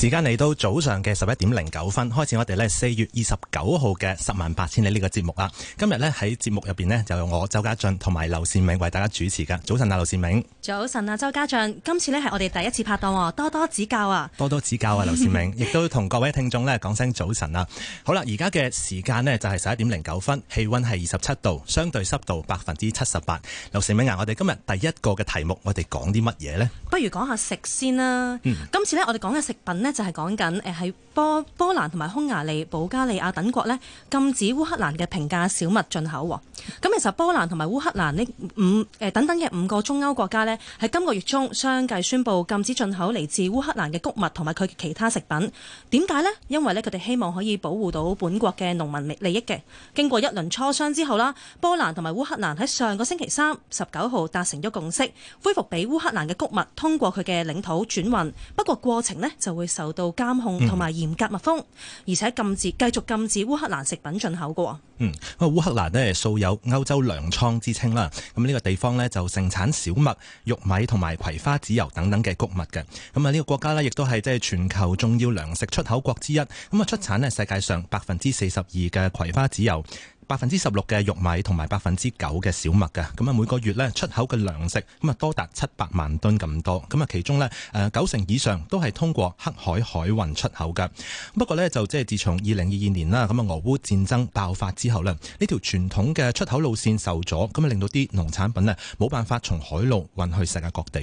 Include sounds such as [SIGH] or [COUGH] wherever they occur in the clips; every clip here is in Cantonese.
時間嚟到早上嘅十一點零九分，開始我哋咧四月二十九號嘅十萬八千里呢個節目啦。今日呢，喺節目入邊呢，就由我周家俊同埋劉善明為大家主持㗎。早晨啊，劉善明。早晨啊，周家俊。今次呢係我哋第一次拍檔喎，哦，多多指教啊。多多指教啊，劉善明。亦 [LAUGHS] 都同各位聽眾呢講聲早晨啦。好啦，而家嘅時間呢就係十一點零九分，氣溫係二十七度，相對濕度百分之七十八。劉善明啊，我哋今日第一個嘅題目，我哋講啲乜嘢呢？不如講下食先啦。嗯、今次呢，我哋講嘅食品呢。就係講緊誒，喺波波蘭同埋匈牙利、保加利亞等國呢，禁止烏克蘭嘅平價小麥進口。咁其實波蘭同埋烏克蘭呢五誒等等嘅五個中歐國家呢，喺今個月中相繼宣布禁止進口嚟自烏克蘭嘅穀物同埋佢嘅其他食品。點解呢？因為呢，佢哋希望可以保護到本國嘅農民利益嘅。經過一輪磋商之後啦，波蘭同埋烏克蘭喺上個星期三十九號達成咗共識，恢復俾烏克蘭嘅穀物通過佢嘅領土轉運。不過過程呢，就會。受到監控同埋嚴格密封，嗯，而且禁止繼續禁止烏克蘭食品進口嘅。嗯，咁啊，烏克蘭咧素有歐洲糧倉之稱啦。咁呢個地方咧就盛產小麥、玉米同埋葵花籽油等等嘅穀物嘅。咁啊，呢個國家咧亦都係即係全球重要糧食出口國之一。咁啊，出產咧世界上百分之四十二嘅葵花籽油，百分之十六嘅玉米同埋百分之九嘅小麥嘅，咁啊，每個月咧出口嘅糧食，咁啊多達七百萬噸咁多，咁啊其中咧誒九成以上都係通過黑海海運出口嘅。不過咧就即係自從二零二二年啦，咁啊俄烏戰爭爆發之後呢，呢條傳統嘅出口路線受阻，咁啊令到啲農產品呢冇辦法從海路運去世界各地。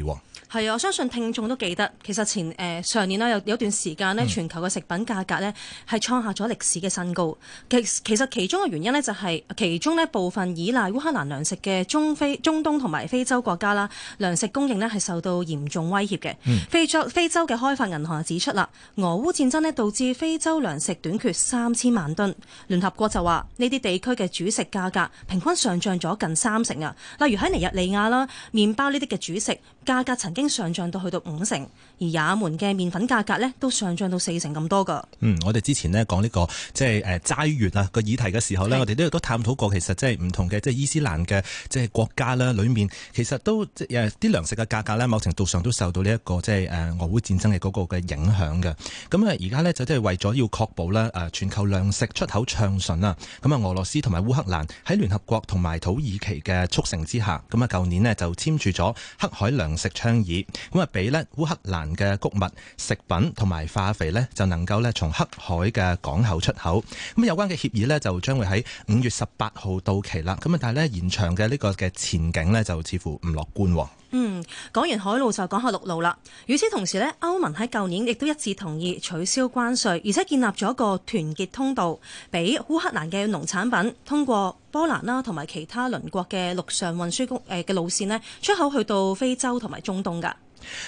係啊！我相信聽眾都記得，其實前誒、呃、上年有有段時間全球嘅食品價格咧係創下咗歷史嘅新高。其其實其中嘅原因呢、就係，就係其中部分依賴烏克蘭糧食嘅中非、中東同埋非洲國家啦，糧食供應咧係受到嚴重威脅嘅、嗯。非洲非洲嘅開發銀行指出啦，俄烏戰爭導致非洲糧食短缺三千萬噸。聯合國就話呢啲地區嘅主食價格平均上漲咗近三成啊，例如喺尼日利亞啦，麵包呢啲嘅主食。價格曾經上漲到去到五成。而也門嘅麵粉價格呢都上漲到四成咁多噶。嗯，我哋之前呢講呢、呢個即係誒齋月啊個議題嘅時候呢，我哋都都探討過，其實即係唔同嘅即係伊斯蘭嘅即係國家啦，裡面其實都誒啲、呃、糧食嘅價格呢某程度上都受到呢、呢、一個即係誒俄烏戰爭嘅嗰個嘅影響嘅。咁啊，而家呢，就都、係、係為咗要確保呢誒、呃、全球糧食出口暢順啦。咁啊，俄羅斯同埋烏克蘭喺聯合國同埋土耳其嘅促成之下，咁啊，舊年呢就簽署咗黑海糧食倡議。咁啊，俾呢烏克蘭。嘅穀物食品同埋化肥呢，就能夠呢從黑海嘅港口出口。咁有關嘅協議呢，就將會喺五月十八號到期啦。咁啊，但係呢延長嘅呢個嘅前景呢，就似乎唔樂觀。嗯，講完海路就講下陸路啦。與此同時呢，歐盟喺舊年亦都一致同意取消關稅，而且建立咗一個團結通道，俾烏克蘭嘅農產品通過波蘭啦同埋其他鄰國嘅陸上運輸公誒嘅路線呢，出口去到非洲同埋中東噶。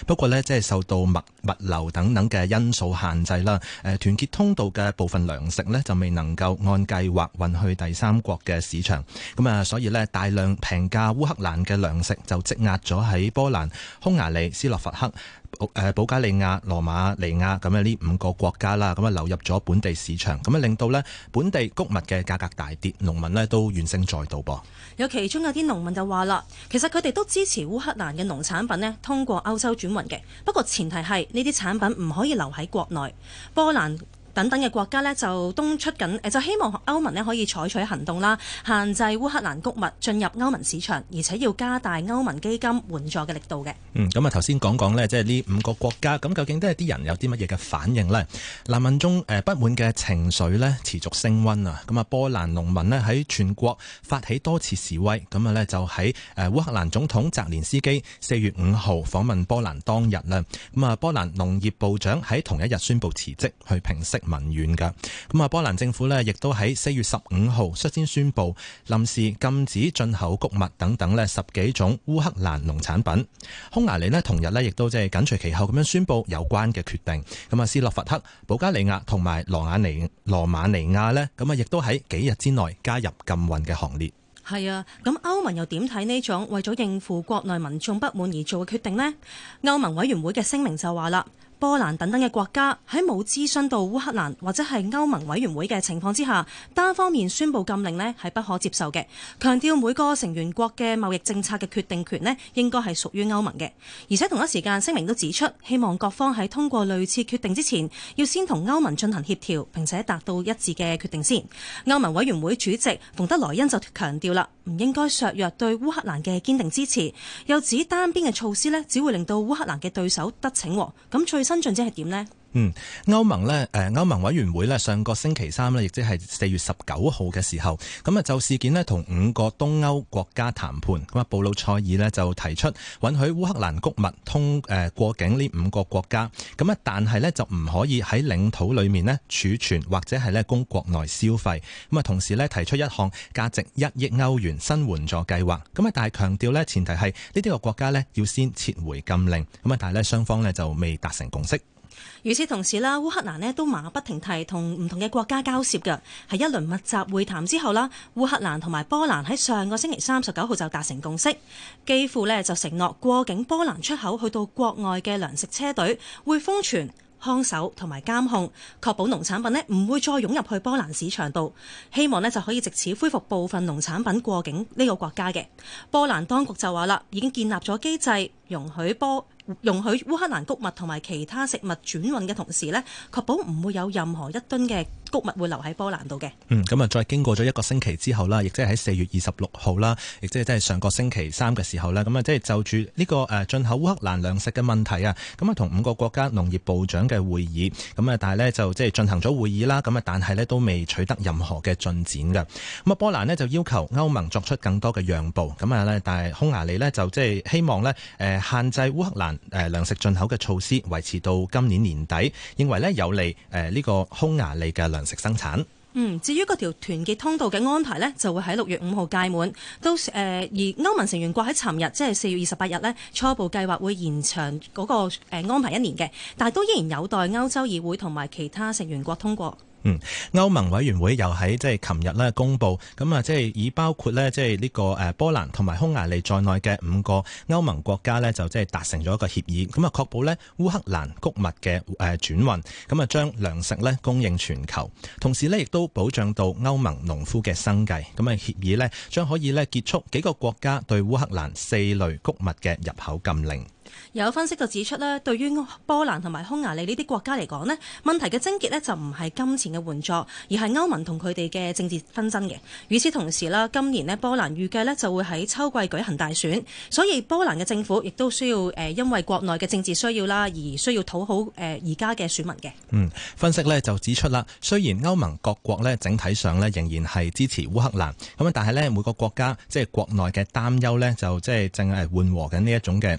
不過咧，即係受到物物流等等嘅因素限制啦。誒，團結通道嘅部分糧食呢，就未能夠按計劃運去第三國嘅市場，咁啊，所以呢，大量平價烏克蘭嘅糧食就積壓咗喺波蘭、匈牙利、斯洛伐克。誒，保加利亞、羅馬尼亞咁樣呢五個國家啦，咁啊流入咗本地市場，咁啊令到呢本地谷物嘅價格大跌，農民呢都怨聲載道噃。有其中有啲農民就話啦，其實佢哋都支持烏克蘭嘅農產品呢通過歐洲轉運嘅，不過前提係呢啲產品唔可以留喺國內。波蘭等等嘅國家呢，就東出緊，就希望歐盟呢可以採取行動啦，限制烏克蘭穀物進入歐盟市場，而且要加大歐盟基金援助嘅力度嘅。嗯，咁啊頭先講講呢，即係呢五個國家，咁究竟都係啲人有啲乜嘢嘅反應呢？難民中誒不滿嘅情緒呢持續升溫啊！咁啊，波蘭農民呢喺全國發起多次示威，咁啊呢就喺誒烏克蘭總統澤連斯基四月五號訪問波蘭當日啦。咁啊，波蘭農業部長喺同一日宣布辭職去平息。民怨噶，咁啊，波蘭政府呢，亦都喺四月十五號率先宣布臨時禁止進口穀物等等呢十幾種烏克蘭農產品。匈牙利呢，同日呢亦都即係緊隨其後咁樣宣布有關嘅決定。咁啊，斯洛伐克、保加利亞同埋羅牙尼、羅馬尼亞呢，咁啊亦都喺幾日之內加入禁運嘅行列。係啊，咁歐盟又點睇呢種為咗應付國內民眾不滿而做嘅決定呢？歐盟委員會嘅聲明就話啦。波蘭等等嘅國家喺冇諮詢到烏克蘭或者係歐盟委員會嘅情況之下，單方面宣布禁令呢係不可接受嘅。強調每個成員國嘅貿易政策嘅決定權呢應該係屬於歐盟嘅，而且同一時間聲明都指出，希望各方喺通過類似決定之前，要先同歐盟進行協調，並且達到一致嘅決定先。歐盟委員會主席馮德萊恩就強調啦，唔應該削弱對烏克蘭嘅堅定支持，又指單邊嘅措施呢只會令到烏克蘭嘅對手得逞。咁最新進即係點咧？嗯，歐盟咧，誒、呃，歐盟委員會咧，上個星期三咧，亦即係四月十九號嘅時候，咁啊，就事件呢同五個東歐國家談判咁啊。布魯塞爾咧就提出允許烏克蘭穀物通誒、呃、過境呢五個國家咁啊，但係呢就唔可以喺領土裏面呢儲存或者係呢供國內消費咁啊。同時呢提出一項價值一億歐元新援助計劃咁啊，但係強調咧前提係呢啲個國家呢要先撤回禁令咁啊，但係咧雙方呢就未達成共識。與此同時啦，烏克蘭都馬不停蹄和不同唔同嘅國家交涉嘅，係一輪密集會談之後啦，烏克蘭同埋波蘭喺上個星期三十九號就達成共識，幾乎呢就承諾過境波蘭出口去到國外嘅糧食車隊會封存、看守同埋監控，確保農產品呢唔會再湧入去波蘭市場度，希望呢就可以借此恢復部分農產品過境呢個國家嘅。波蘭當局就話啦，已經建立咗機制，容許波。容許烏克蘭谷物同埋其他食物轉運嘅同時呢，確保唔會有任何一噸嘅谷物會留喺波蘭度嘅。嗯，咁啊，再經過咗一個星期之後啦，亦即係喺四月二十六號啦，亦即係即係上個星期三嘅時候啦，咁啊，即係就住呢個誒進口烏克蘭糧食嘅問題啊，咁啊，同五個國家農業部長嘅會議，咁啊，但係呢，就即係進行咗會議啦，咁啊，但係呢，都未取得任何嘅進展嘅。咁啊，波蘭呢，就要求歐盟作出更多嘅讓步，咁啊咧，但係匈牙利呢，就即係希望呢，誒限制烏克蘭。誒糧食進口嘅措施維持到今年年底，認為呢，有利呢個匈牙利嘅糧食生產。嗯，至於嗰條團結通道嘅安排呢，就會喺六月五號屆滿。都誒，而歐盟成員國喺尋日，即係四月二十八日呢，初步計劃會延長嗰個安排一年嘅，但係都依然有待歐洲議會同埋其他成員國通過。嗯，歐盟委員會又喺即係琴日咧公佈，咁啊即係以包括咧即係呢個誒波蘭同埋匈牙利在內嘅五個歐盟國家咧，就即係達成咗一個協議，咁啊確保咧烏克蘭穀物嘅誒轉運，咁啊將糧食咧供應全球，同時咧亦都保障到歐盟農夫嘅生計，咁啊協議咧將可以咧結束幾個國家對烏克蘭四類穀物嘅入口禁令。有分析就指出咧，對於波蘭同埋匈牙利呢啲國家嚟講咧，問題嘅症結咧就唔係金錢嘅援助，而係歐盟同佢哋嘅政治紛爭嘅。與此同時啦，今年咧波蘭預計咧就會喺秋季舉行大選，所以波蘭嘅政府亦都需要誒，因為國內嘅政治需要啦，而需要討好誒而家嘅選民嘅。嗯，分析咧就指出啦，雖然歐盟各國咧整體上咧仍然係支持烏克蘭咁啊，但係咧每個國家即係國內嘅擔憂咧，就即係正係緩和緊呢一種嘅。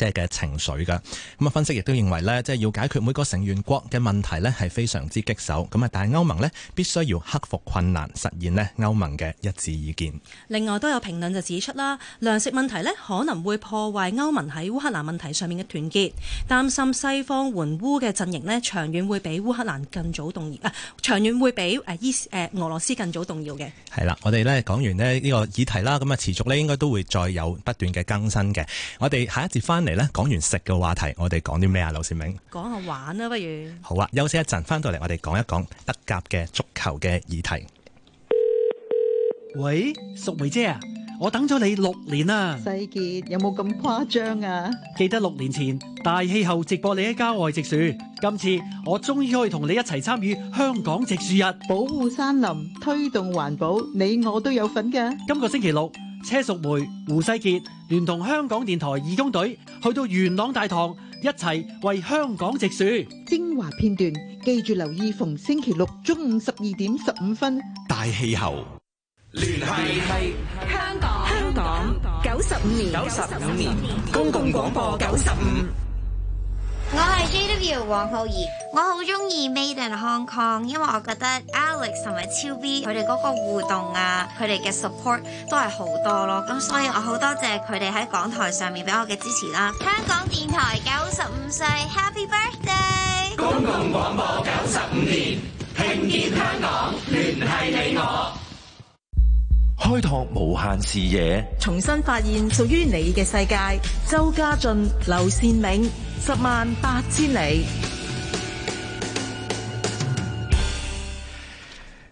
即係嘅情緒嘅咁啊，分析亦都認為呢即係要解決每個成員國嘅問題呢係非常之棘手咁啊。但係歐盟呢必須要克服困難，實現呢歐盟嘅一致意見。另外都有評論就指出啦，糧食問題呢可能會破壞歐盟喺烏克蘭問題上面嘅團結，擔心西方援烏嘅陣營呢長遠會比烏克蘭更早動搖啊，長遠會比誒伊誒俄羅斯更早動搖嘅。係啦，我哋呢講完呢呢個議題啦，咁啊持續呢應該都會再有不斷嘅更新嘅。我哋下一節翻嚟。講完食嘅話題，我哋講啲咩啊？劉善明，講下玩啊，不如好啊，休息一陣，翻到嚟我哋講一講德甲嘅足球嘅議題。喂，淑梅姐啊，我等咗你六年啦，世杰有冇咁誇張啊？記得六年前大氣候直播你喺郊外植樹，今次我終於可以同你一齊參與香港植樹日，保護山林，推動環保，你我都有份嘅。今個星期六。車淑梅、胡世杰聯同香港電台義工隊去到元朗大堂，一齊為香港植樹。精華片段，記住留意逢星期六中午十二點十五分《大氣候》。聯繫係香港，香港，香港九十五年，九十五年公共廣播九十五。我係 JW 黃浩儀，我好中意 Made in Hong Kong，因為我覺得 Alex 同埋超 B 佢哋嗰個互動啊，佢哋嘅 support 都係好多咯，咁所以我好多謝佢哋喺港台上面俾我嘅支持啦。香港電台九十五歲，Happy Birthday！公共廣播九十五年，聽見香港，聯繫你我。開拓無限視野，重新發現屬於你嘅世界。周家俊、劉善明，十萬八千里。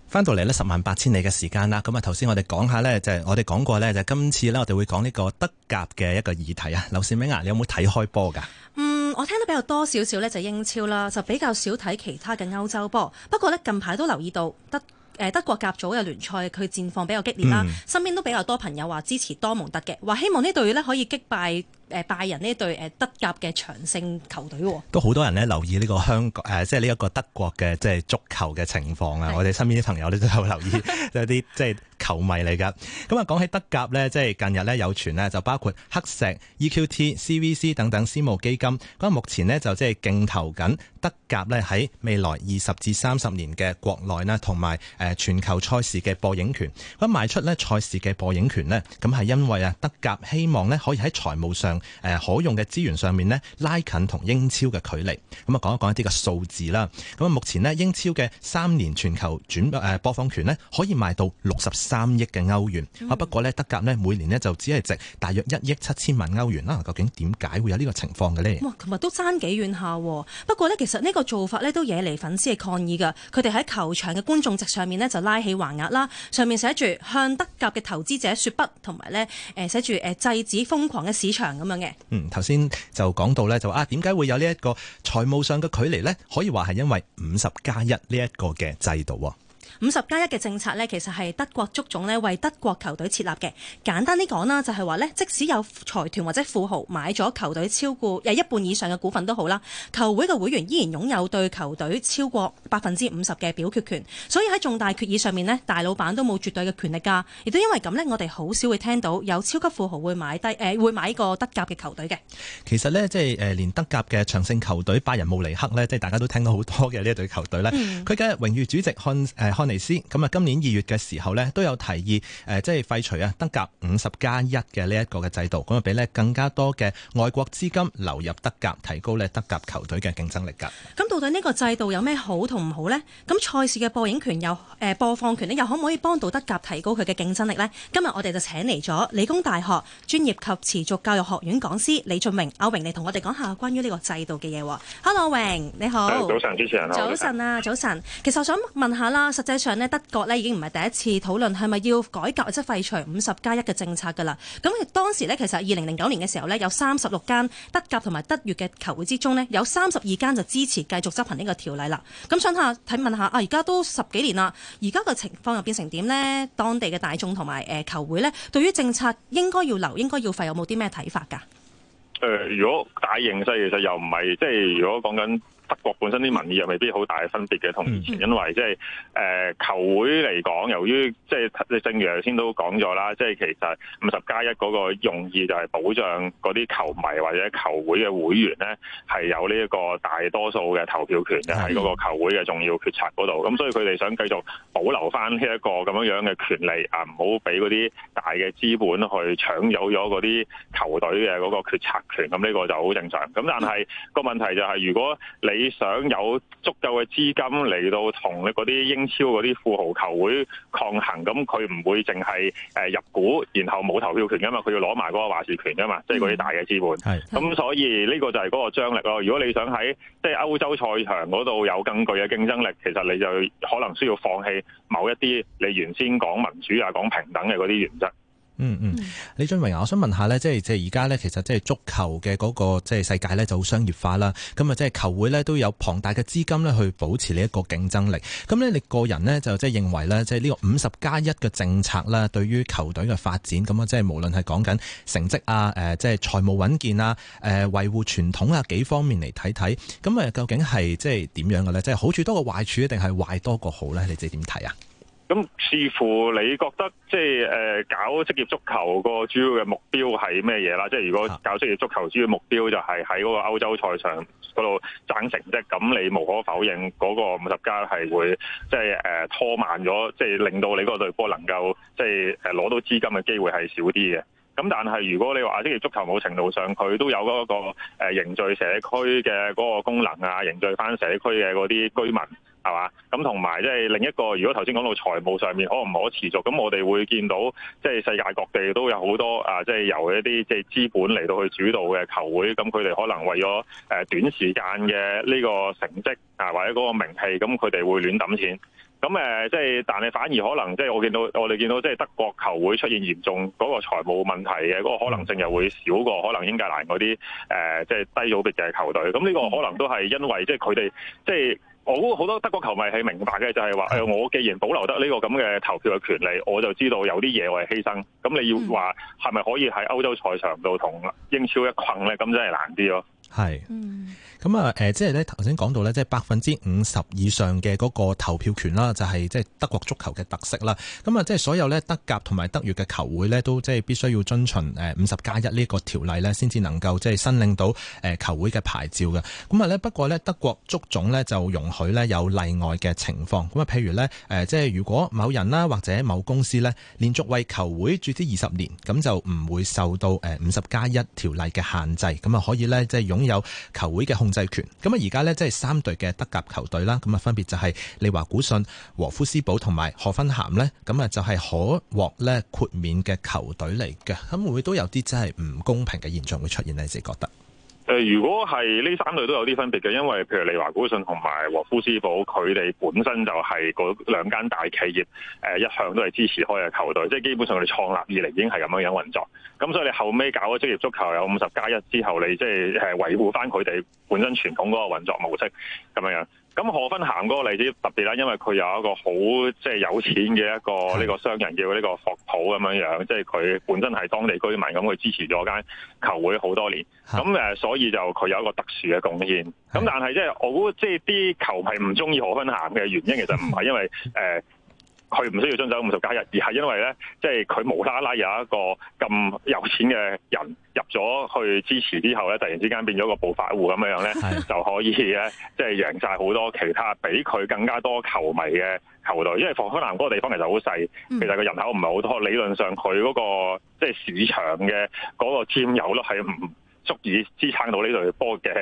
翻到嚟呢，十萬八千里嘅時間啦。咁啊，頭先我哋講下呢，就係我哋講過呢，就係今次呢，我哋會講呢個德甲嘅一個議題啊。劉善明啊，你有冇睇開波噶？嗯，我聽得比較多少少呢，就英超啦，就比較少睇其他嘅歐洲波。不過呢，近排都留意到德。誒德國甲組嘅聯賽，佢戰況比較激烈啦、嗯。身邊都比較多朋友話支持多蒙特嘅，話希望呢隊可以擊敗拜仁呢隊誒德甲嘅長勝球隊。都好多人呢留意呢個香港即係呢一個德國嘅即係足球嘅情況啊！我哋身邊啲朋友咧都有留意有啲即球迷嚟㗎，咁啊講起德甲呢，即係近日呢有傳呢，就包括黑石、EQT、CVC 等等私募基金，咁目前呢，就即係競投緊德甲呢喺未來二十至三十年嘅國內呢，同埋誒全球賽事嘅播映權。咁賣出呢賽事嘅播映權呢，咁係因為啊德甲希望呢，可以喺財務上誒可用嘅資源上面呢，拉近同英超嘅距離。咁啊講一講一啲嘅數字啦。咁啊目前呢，英超嘅三年全球轉播放權呢，可以賣到六十。三億嘅歐元啊！不過咧，德甲咧每年咧就只係值大約一億七千萬歐元啦。究竟點解會有呢個情況嘅呢？哇！琴日都爭幾遠下喎。不過呢，其實呢個做法咧都惹嚟粉絲嘅抗議㗎。佢哋喺球場嘅觀眾席上面咧就拉起橫額啦，上面寫住向德甲嘅投資者説不，同埋咧誒寫住誒制止瘋狂嘅市場咁樣嘅。嗯，頭先就講到呢，就啊，點解會有呢一個財務上嘅距離呢？可以話係因為五十加一呢一個嘅制度喎。五十加一嘅政策呢，其實係德國足總呢為德國球隊設立嘅。簡單啲講啦，就係話呢，即使有財團或者富豪買咗球隊超過又一半以上嘅股份都好啦，球會嘅會員依然擁有對球隊超過百分之五十嘅表決權。所以喺重大決議上面呢，大老闆都冇絕對嘅權力噶。亦都因為咁呢，我哋好少會聽到有超級富豪會買低誒，會買個德甲嘅球隊嘅。其實呢，即係誒，連德甲嘅長勝球隊拜仁慕尼黑呢，即係大家都聽到好多嘅呢隊球隊呢，佢嘅榮譽主席漢誒咁啊，今年二月嘅時候呢都有提議，即係廢除啊德甲五十加一嘅呢一個嘅制度，咁啊，俾咧更加多嘅外國資金流入德甲，提高咧德甲球隊嘅競爭力㗎。咁到底呢個制度有咩好同唔好呢？咁賽事嘅播映權又誒播放權又可唔可以幫到德甲提高佢嘅競爭力呢？今日我哋就請嚟咗理工大學專業及持續教育學院講師李峻嶸、阿榮嚟同我哋講下關於呢個制度嘅嘢。Hello 榮，你好。早晨主持人。早晨啊，啊早晨，其實我想問下啦，實際。上咧，德國咧已經唔係第一次討論係咪要改革或者廢除五十加一嘅政策㗎啦。咁當時咧，其實二零零九年嘅時候咧，有三十六間德甲同埋德乙嘅球會之中咧，有三十二間就支持繼續執行呢個條例啦。咁想下睇問下啊，而家都十幾年啦，而家個情況又變成點呢？當地嘅大眾同埋誒球會咧，對於政策應該要留，應該要廢，有冇啲咩睇法㗎？誒，如果大型就其實又唔係，即係如果講緊。德國本身啲民意又未必好大嘅分別嘅，同以前，因為即係誒球會嚟講，由於即係正如頭先都講咗啦，即係其實五十加一嗰個用意就係保障嗰啲球迷或者球會嘅會員咧係有呢一個大多數嘅投票權嘅喺嗰個球會嘅重要決策嗰度。咁所以佢哋想繼續保留翻呢一個咁樣樣嘅權利啊，唔好俾嗰啲大嘅資本去搶走咗嗰啲球隊嘅嗰個決策權。咁呢個就好正常。咁但係個問題就係如果你你想有足夠嘅資金嚟到同你嗰啲英超嗰啲富豪球會抗衡，咁佢唔會淨係誒入股，然後冇投票權㗎嘛，佢要攞埋嗰個話事權㗎嘛，即係嗰啲大嘅資本。係，咁所以呢個就係嗰個張力咯。如果你想喺即係歐洲賽場嗰度有更具嘅競爭力，其實你就可能需要放棄某一啲你原先講民主啊、講平等嘅嗰啲原則。嗯嗯，李峻嶸啊，我想問下咧，即係即係而家咧，其實即係足球嘅嗰個即係世界咧就好商業化啦，咁啊即係球會咧都有龐大嘅資金咧去保持呢一個競爭力。咁咧你個人咧就即係認為咧，即係呢個五十加一嘅政策啦，對於球隊嘅發展，咁啊即係無論係講緊成績啊，誒即係財務穩健啊，誒維護傳統啊幾方面嚟睇睇，咁啊究竟係即係點樣嘅咧？即係好處多過壞處，定係壞多過好咧？你自己點睇啊？咁視乎你覺得即係誒搞職業足球個主要嘅目標係咩嘢啦？即係如果搞職業足球主要目標就係喺嗰個歐洲賽場嗰度爭成績，咁你無可否認嗰個五十加係會即係誒拖慢咗，即係令到你嗰隊波能夠即係攞到資金嘅機會係少啲嘅。咁但係如果你話職業足球某程度上佢都有嗰個誒凝聚社區嘅嗰個功能啊，凝聚翻社區嘅嗰啲居民。係嘛？咁同埋即係另一個，如果頭先講到財務上面可唔可持續，咁我哋會見到即係世界各地都有好多啊，即係由一啲即係資本嚟到去主導嘅球會，咁佢哋可能為咗誒短時間嘅呢個成績啊，或者嗰個名氣，咁佢哋會亂揼錢。咁即係但係反而可能即係我見到我哋見到即係德國球會出現嚴重嗰個財務問題嘅嗰個可能性又會少過可能英格蘭嗰啲誒即係低組別嘅球隊。咁呢個可能都係因為即係佢哋即我好多德國球迷係明白嘅，就係話，呃，我既然保留得呢個咁嘅投票嘅權利，我就知道有啲嘢我係犧牲。咁你要話係咪可以喺歐洲賽場度同英超一群咧？咁真係難啲咯。係，咁、嗯、啊，誒，即係咧，頭先講到咧，即係百分之五十以上嘅嗰個投票權啦，就係即係德國足球嘅特色啦。咁啊，即係所有咧德甲同埋德乙嘅球會咧，都即係必須要遵循誒五十加一呢個條例咧，先至能夠即係申領到誒球會嘅牌照嘅。咁啊咧，不過咧德國足總咧就容許咧有例外嘅情況。咁啊，譬如咧，誒，即係如果某人啦或者某公司咧連續為球會注資二十年，咁就唔會受到誒五十加一條例嘅限制，咁啊可以咧即係用。擁有球會嘅控制權，咁啊而家咧即係三隊嘅德甲球隊啦，咁啊分別就係利華、古信、和夫斯堡同埋賀芬咸咧，咁啊就係、是、可獲咧豁免嘅球隊嚟嘅，咁會唔會都有啲真係唔公平嘅現象會出現呢？你自己覺得？誒，如果係呢三類都有啲分別嘅，因為譬如利華、古信同埋和夫斯堡，佢哋本身就係嗰兩間大企業，誒一向都係支持開嘅球隊，即係基本上佢哋創立以嚟已經係咁樣樣運作。咁所以你後尾搞咗職業足球有五十加一之後，你即係誒維護翻佢哋本身傳統嗰個運作模式咁樣樣。咁何芬咸嗰個例子，特別啦，因為佢有一個好即係有錢嘅一個呢個商人叫呢個霍普咁樣，即係佢本身係當地居民，咁佢支持咗間球會好多年，咁誒所以就佢有一個特殊嘅貢獻。咁但係即係我估，即係啲球迷唔中意何芬咸嘅原因，其實唔係因為誒。呃佢唔需要遵守五十加一，而係因為咧，即係佢無啦啦有一個咁有錢嘅人入咗去支持之後咧，突然之間變咗個暴發戶咁樣咧， [LAUGHS] 就可以咧，即係贏晒好多其他比佢更加多球迷嘅球隊，因為佛光南嗰個地方其實好細，其實個人口唔係好多， [LAUGHS] 理論上佢嗰、那個即係、就是、市場嘅嗰個佔有率係唔足以支撐到呢隊波嘅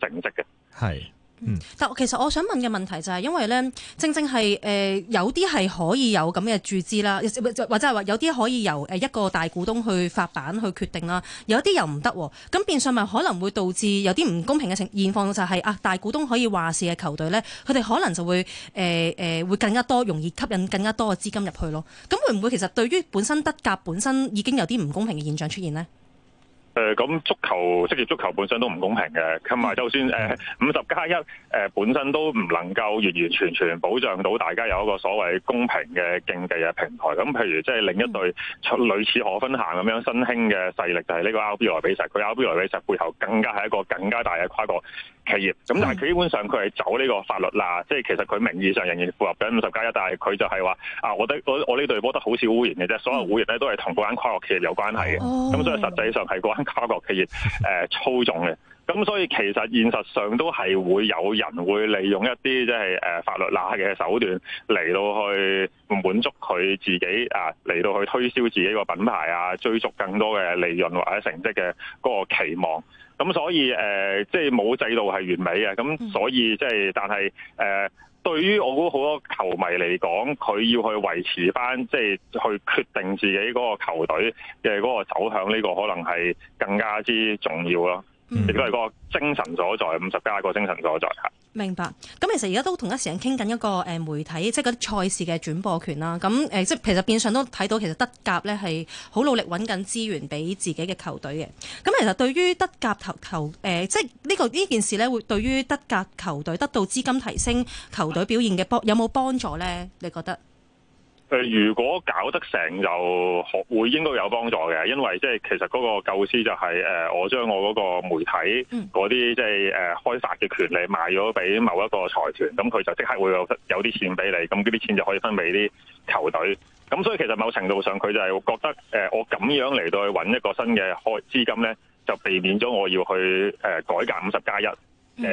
成績嘅。 [LAUGHS] 嗯、但其實我想問嘅問題就係，因為咧，正正係誒、呃、有啲係可以有咁嘅注資啦，或者係話有啲可以由誒一個大股東去發板去決定啦，有啲又唔得。咁變相咪可能會導致有啲唔公平嘅情現況，就係、是、啊大股東可以話事嘅球隊咧，佢哋可能就會誒誒、呃、會更加多容易吸引更加多嘅資金入去咯。咁會唔會其實對於本身德甲本身已經有啲唔公平嘅現象出現呢？誒、呃、咁足球，職業足球本身都唔公平嘅，同埋就算誒五十加一，誒、呃呃、本身都唔能夠完完全全保障到大家有一個所謂公平嘅競技嘅平台。咁譬如即係另一隊類似霍芬咸咁樣新興嘅勢力就，就係呢個 RB 萊比錫。佢 RB 萊比錫背後更加係一個更加大嘅跨國企業。咁但係佢基本上佢係走呢個法律啦，即係其實佢名義上仍然符合緊五十加一，但係佢就係話啊，我得我呢隊波得好少會員嘅啫，所有會員咧都係同嗰間跨國企業有關係嘅。咁所以實際上係跨國企業誒、嗯、操縱嘅，咁所以其實現實上都係會有人會利用一啲即係誒法律罅嘅手段嚟到去滿足佢自己啊，嚟到去推銷自己個品牌啊，追逐更多嘅利潤或者成績嘅嗰個期望。咁所以誒即係冇制度係完美嘅，咁所以即係、就是，但係誒、呃、對於我估好多球迷嚟講，佢要去維持翻，即、就、係、是、去決定自己嗰個球隊嘅嗰個走向，呢個可能係更加之重要咯。嗯，亦都係個精神所在，五十加個精神所在吓。明白。咁其實而家都同一時間傾緊一個誒媒體，即係嗰啲賽事嘅轉播權啦。咁誒，即、呃、係其實變相都睇到，其實德甲咧係好努力揾緊資源俾自己嘅球隊嘅。咁其實對於德，、呃就是這個、德甲球球誒，即係呢個呢件事咧，會對於德甲球隊得到資金提升、球隊表現嘅幫有冇幫助咧？你覺得？誒，如果搞得成就學會應該有幫助嘅，因為即係其實嗰個構思就係誒我將我嗰個媒體嗰啲即係誒開發嘅權利賣咗俾某一個財團，咁佢就即刻會有有啲錢俾你，咁呢啲錢就可以分俾啲球隊，咁所以其實某程度上佢就係覺得誒我咁樣嚟到去揾一個新嘅開資金咧，就避免咗我要去誒改革五十加一誒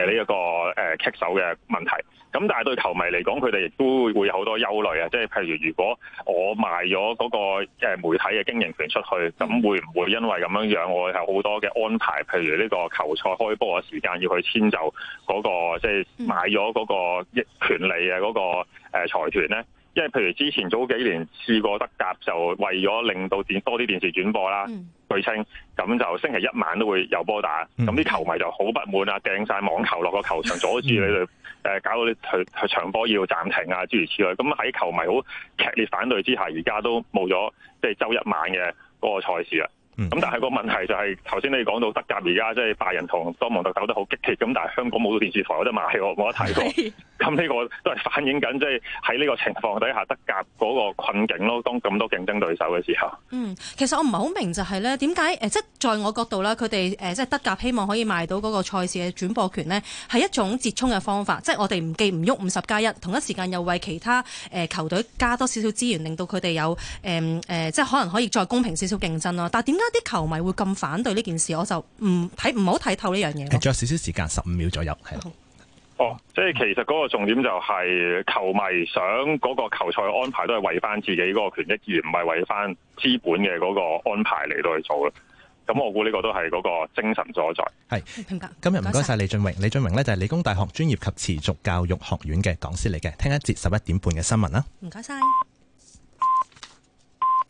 呢一個誒棘手嘅問題。咁但係對球迷嚟講，佢哋亦都會有好多憂慮啊！即係譬如，如果我賣咗嗰個媒體嘅經營權出去，咁會唔會因為咁樣樣，我有好多嘅安排？譬如呢個球賽開波嘅時間，要去遷就嗰個即係買咗嗰個權利嘅嗰個誒財團咧？因為譬如之前早幾年試過德甲，就為咗令到多啲電視轉播啦。據稱咁就星期一晚都會有波打，咁啲球迷就好不滿啊，掟晒網球落個球場阻住你哋，搞到你去搶波要暫停啊，諸如此類。咁喺球迷好劇烈反對之下，而家都冇咗即係週一晚嘅嗰個賽事啦。咁、嗯、但係個問題就係頭先你講到德甲而家即係拜仁同多蒙特鬥得好激烈，咁但係香港冇電視台買有得賣，我冇得睇咁。咁呢個都係反映緊即係喺呢個情況底下德甲嗰個困境咯。當咁多競爭對手嘅時候，嗯，其實我唔係好明就係咧，點解即係在我角度啦，佢哋即係德甲希望可以賣到嗰個賽事嘅轉播權咧，係一種折衷嘅方法，即係我哋唔記唔喐五十加一，同一時間又為其他、呃、球隊加多少少資源，令到佢哋有、呃、即係可能可以再公平少少競爭咯。但係點解？啲球迷會咁反對呢件事，我就唔睇唔好睇透呢樣嘢。仲有少少時間，十五秒左右。係哦，即係其實嗰個重點就係、是、球迷想嗰個球賽安排，都係為翻自己嗰個權益，而唔係為翻資本嘅嗰個安排嚟到去做嘅。咁我估呢個都係嗰個精神所在。係，今日唔該晒李峻嶸，李峻嶸呢就係理工大學專業及持續教育學院嘅講師嚟嘅，聽一節十一點半嘅新聞啦。唔該晒。